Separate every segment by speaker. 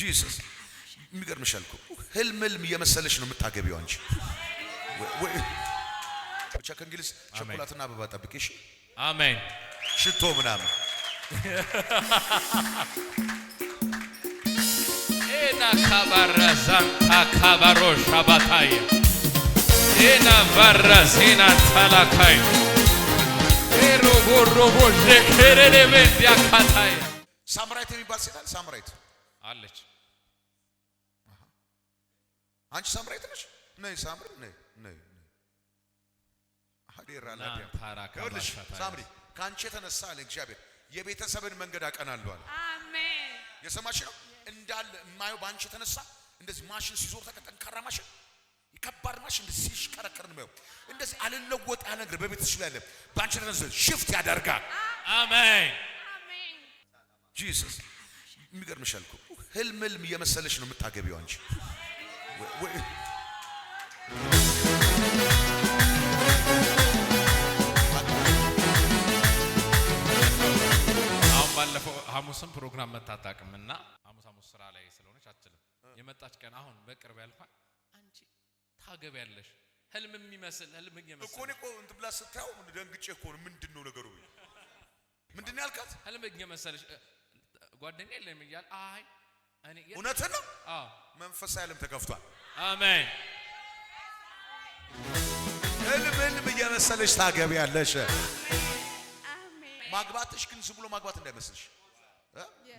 Speaker 1: ጂሰስ የሚገርምሻል እኮ ህልም ህልም እየመሰለሽ ነው የምታገቢው አንቺ። ብቻ ከእንግሊዝ ቸኮላትና አበባ ጠብቂ። አሜን። ሽቶ ምናምን
Speaker 2: ኤና ካባራዛንታ ካባሮ ሻባታየ ኤና ቫራ ዜና ታላካይ ኤሮቦሮቦ ሸከረሌ ሜንዲያ ካታየ
Speaker 1: ሳምራይት የሚባል ሴት አለ ሳምራይት አለች። አንቺ ሳምራዊት ነሽ? ነይ ሳምሪ፣ ነይ ነይ አዴራ
Speaker 2: ላዲያልሽ
Speaker 1: ሳምሪ፣ ከአንቺ የተነሳ አለ እግዚአብሔር የቤተሰብን መንገድ አቀናለሁ አለ።
Speaker 3: አሜን።
Speaker 1: የሰማሽ ነው እንዳለ የማየው በአንቺ የተነሳ እንደዚህ ማሽን ሲዞር ጠንካራ ማሽን ከባድ ማሽን እንደዚህ ሲሽከረከር ነው እንደዚህ አልለወጥ ያለ ነገር በቤትሽ ላይ አለ። በአንቺ የተነሳ ሽፍት ያደርጋል። አሜን። ጂሰስ የሚገርምሻል እኮ ህልም ህልም እየመሰለች ነው የምታገቢው አንቺ።
Speaker 2: አሁን ባለፈው ሐሙስም ፕሮግራም መታታቅም እና ሐሙስ ሐሙስ ስራ ላይ ስለሆነች አትችልም። የመጣች ቀን አሁን በቅርብ ያልፋል። አንቺ ታገቢያለሽ ህልም የሚመስል ህልም የሚመስል
Speaker 1: እኮ እኔ እኮ እንትን ብላ ስታየው ደንግጬ እኮ ነው። ምንድን ነው ነገሩ? ምንድን ነው ያልካት?
Speaker 2: ህልም እየመሰለሽ ጓደኛ የለም እያል አይ
Speaker 1: እውነት ነው። መንፈሳዊ ዓለም ተከፍቷል። አሜን። ህልም ህልም እየመሰለሽ ታገቢያለሽ። ማግባትሽ ግን ዝም ብሎ ማግባት እንዳይመስልሽ፣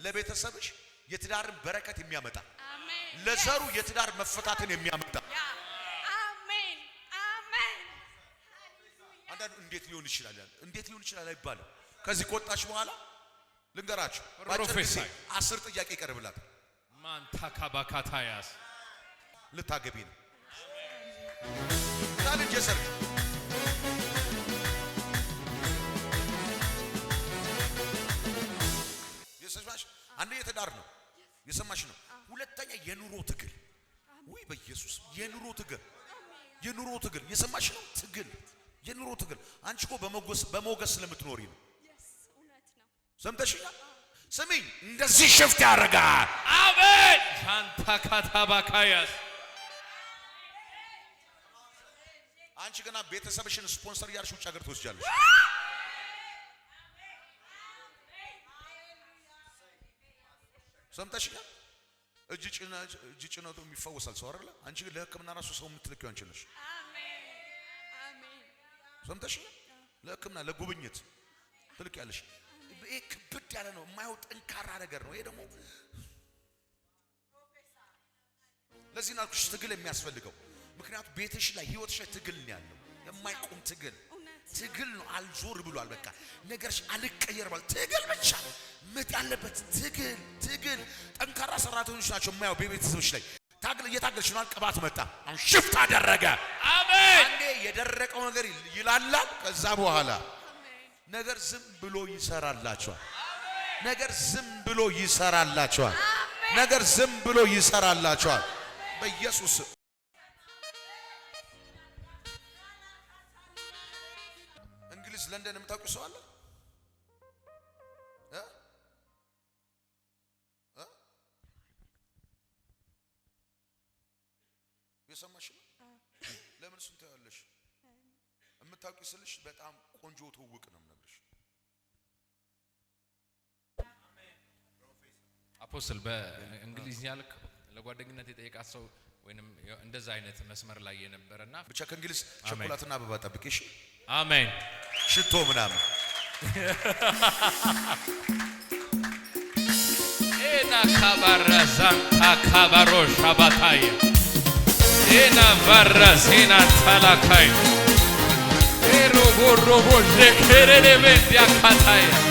Speaker 1: ለቤተሰብሽ የትዳርን በረከት የሚያመጣ ለዘሩ የትዳር መፈታትን የሚያመጣ አንዳንዱ እንዴት ሊሆን ይችላል ያለ እንዴት ሊሆን ይችላል አይባልም። ከዚህ ከወጣች በኋላ ልንገራችሁ፣ አስር ጥያቄ ይቀርብላታል።
Speaker 2: ማንታካባካታያስ
Speaker 1: ልታገቢ ነው ካልጄ ሰርግ የሰማሽ አንደኛ የትዳር ነው የሰማሽ ነው። ሁለተኛ የኑሮ ትግል ወይ በኢየሱስ የኑሮ ትግል የኑሮ ትግል የሰማሽ ነው። ትግል የኑሮ ትግል አንቺ እኮ በሞገስ በሞገስ ስለምትኖሪ ነው። ሰምተሽኛል። ስሚኝ፣ እንደዚህ ሽፍት ያደርጋል።
Speaker 2: አሜን። ሻንታ ካታባካያስ
Speaker 1: አንቺ ገና ቤተሰብሽን ስፖንሰር እያልሽ ውጭ ሀገር ትወስጃለሽ። ሰምተሽኛል? እጅ ጭነቱ የሚፈወሳል ሰው አይደለ? አንቺ ለሕክምና ራሱ ሰው የምትልኪው አንቺ ነሽ። ሰምተሽኛል? ለሕክምና ለጉብኝት ትልቅ ይሄ ክብድ ያለ ነው የማየው ጠንካራ ነገር ነው። ይሄ ደግሞ ለዚህ ናልኩሽ ትግል የሚያስፈልገው ምክንያቱ ቤተሽ ላይ ህይወትሽ ላይ ትግል ነው ያለው። የማይቆም ትግል ትግል ነው። አልዞር ብሏል። በቃ ነገርሽ አልቀየር ባል ትግል ብቻ ምት ያለበት ትግል ትግል። ጠንካራ ሰራተኞች ናቸው የማየው በቤተሰቦች ላይ ታግል እየታገልሽ ነው። ቅባት መጣ አሁን ሽፍት አደረገ። አሜን። አንዴ የደረቀው ነገር ይላላል። ከዛ በኋላ ነገር ዝም ብሎ ይሰራላችኋል። ነገር ዝም ብሎ ይሰራላችኋል። ነገር ዝም ብሎ ይሰራላችኋል በኢየሱስ እንግሊዝ ለንደን የምታውቁ ሰው አለ? የሰማሽ ነው። ለምን እሱን ታያለሽ? የምታውቂ ስልሽ በጣም ቆንጆ ትውውቅ ነው የምነግርሽ።
Speaker 2: አፖስትል በእንግሊዝኛ ያልክ ለጓደኝነት የጠየቃት ሰው ወይንም እንደዛ አይነት መስመር ላይ የነበረና
Speaker 1: ብቻ ከእንግሊዝ ቸኮላትና አበባ ጠብቂ። እሺ፣ አሜን። ሽቶ ምናምን ኤና ካባራዛንታ ካባሮ ሻባታይ ኤና ቫራዜና ታላካይ robo robo shekerere a casa